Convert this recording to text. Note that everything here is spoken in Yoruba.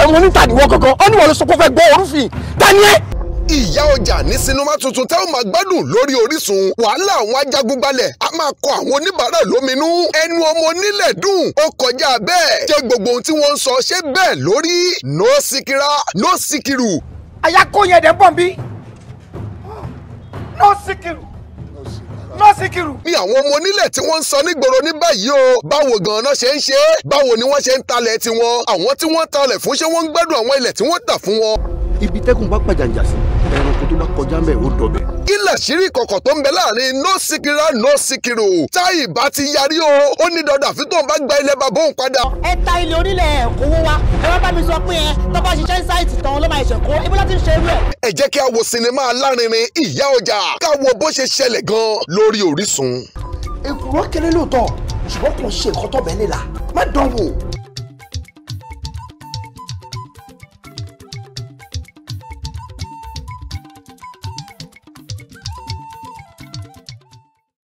ẹ̀wọ̀n onítàdíwọ́ kankan ó ní wọn ló sọ pé ó fẹ́ gbọ́ orúfin tani ẹ́. ìyá ọjà ní sinimá tuntun tẹ́ ó máa gbádùn lórí Orísun wàhálà àwọn ajagunbalẹ̀ a máa kọ àwọn oníbàárà lóminú ẹnu ọmọ onílẹ̀ dùn ó kọjá bẹ́ẹ̀ ṣé gbogbo ohun tí wọ́n ń sọ ṣé bẹ́ẹ̀ lórí no sikira no sikiru. àyà kó yẹn dẹ́ bọ̀ bí no sikiru. Síkírù. ní àwọn ọmọ onílẹ̀ tí wọ́n ń sọ nígboro ní báyìí o báwo gan-an ṣe ń ṣe é báwo ni wọ́n ṣe ń talẹ̀ tiwọn àwọn tí wọ́n talẹ̀ fún ṣé wọ́n ń gbádùn àwọn ilẹ̀ tí wọ́n tà fún wọn. ibi tẹ́kùn bá pàjàǹjà sí ẹranko tó bá kọjá mẹ́ẹ̀ ó dọ̀bẹ̀. kí làṣírí kọ̀kọ̀ tó ń bẹ láàrin no sikira no sikiru táì bá ti yarí o ó ní dandan àfi tó ń bá gba ilẹ̀ bàbá òun padà. ẹ ta ilé onílẹ̀ kówó wa ẹ wá bá mi sọ pé ẹ tó bá ṣiṣẹ́ ṣáìtì máa ẹ̀ṣẹ̀ kó ibi láti ń ṣe irú ẹ̀. ẹ jẹ́ kí a wo sinimá alárinrin ìyá ọjà ká wo bó ṣe ṣẹlẹ̀ gan-an lórí Orísun. èkùrọ́ kéré lóòótọ́ ṣùgbọ́n kò ṣe nǹkan tó bẹ́ẹ̀ nílà má dánwò